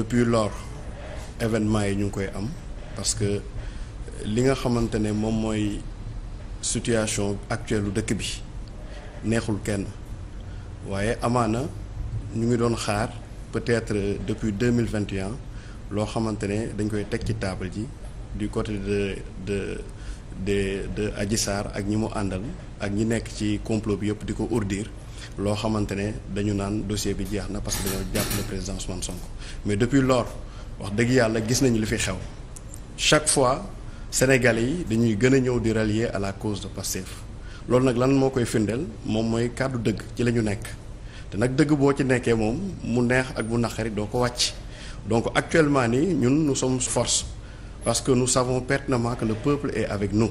depuis lors événement yi ñu ngi koy am parce que li nga xamante ne moom mooy situation actuelle lu dëkk bi neexul kenn waaye amaana ñu ngi doon xaar peut-être depuis deux mille vingt et loo xamante ne dañ koy teg ci table ji du côté de de de Adji Sarr ak ñi mu àndal ak ñi nekk ci complot bi yëpp di ko urdir loo xamante ne dañu naan dossier bi jeex na parce que jàpp jàppale président Ousmane Sonko mais depuis lors wax dëgg yàlla gis nañu li fi xew chaque fois Sénégalais yi dañuy gën a ñëw di rallier à la cause de Pastef loolu nag lan moo koy findeel moom mooy kàddu dëgg ci la ñu nekk te nag dëgg boo ci nekkee moom mu neex ak bu naqari doo ko wàcc donc actuellement nii ñun nous sommes force parce que nu nous savons pertinemment que le peuple est avec nous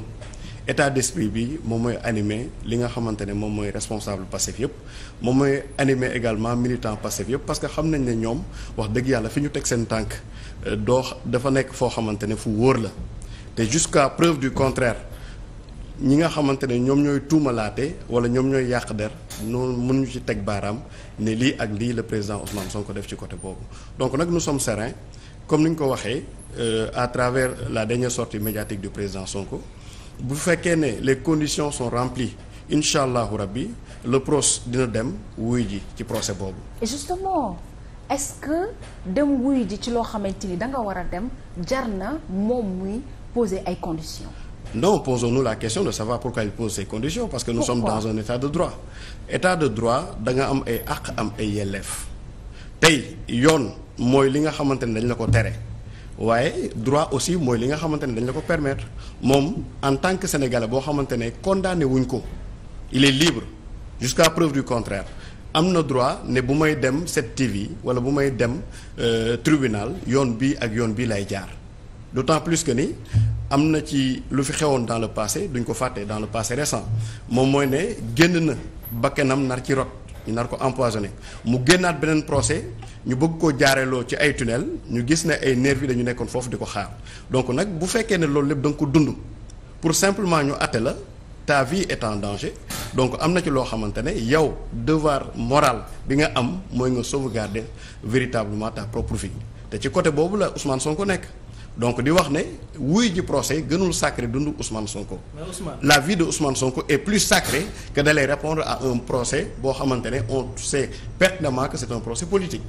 état d'esprit bi moom mooy animé li nga xamante ne moom mooy responsable Pastef yëpp moom mooy animé également militant Pastef yëpp parce que xam nañ ne ñoom wax dëgg yàlla fi ñu teg seen tànk euh, doo dafa nekk foo xamante ne fu wóor la te jusqu'à preuve du contraire ñi nga xamante ne ñoom ñooy tuumalaate wala ñoom ñooy yàq der mun ñu ci teg baaraam ne lii ak lii le président Ousmane Sonko def ci côté boobu donc nag nu sommes sereins comme ni ñu ko waxee euh, à travers la dernière sortie médiatique président Sonko bu fekkee ne les conditions sont remplies incha allahu rabbi le procès dina dem wuy ji ci procès boobu. et justement est-ce que dem wuy ji ci loo xamante ni da nga war a dem jar na moom muy poser ay conditions. non posons-nous la question de savoir pourquoi il pose ces conditions parce que nous pourquoi? sommes dans un état de droit état de droit da nga am ay àq am ay yelleef tey yoon mooy li nga xamante ne dañ la ko tere. waaye droit aussi mooy li nga xamante ne dañ la ko permettre moom en tant que sénégalais boo xamante ne condamné wuñ ko il est libre jusqu'à preuve du contraire am na droit ne bu may dem 7TV wala bu may dem euh, tribunal yoon bi ak yoon bi lay jaar d'autant plus que ni am na ci lu fi xewoon dans le passé duñ ko fàtte dans le passé récent moom mooy ne génn na bakkanam nar ci rot ñu nar ko empoisonné mu génnaat beneen procès ñu bëgg koo jaareeloo ci ay tunnel ñu gis ne ay nervi dañu nekkoon foofu di ko xaar donc nag bu fekkee ne loolu lépp da nga ko dund pour simplement ñu atte la ta vie est en danger donc am na ci loo xamante ne yow devoir moral bi nga am mooy nga sauvegarder véritablement ta propre vie te ci côté boobu la Ousmane Sonko nekk donc di wax ne wuy ji procès gënul sacré dund Ousmane Sonko. la vie de Ousmane Sonko et plus sacrée que d'aller répondre à un procès boo xamante ne on sait pertinemment que c'est un procès politique.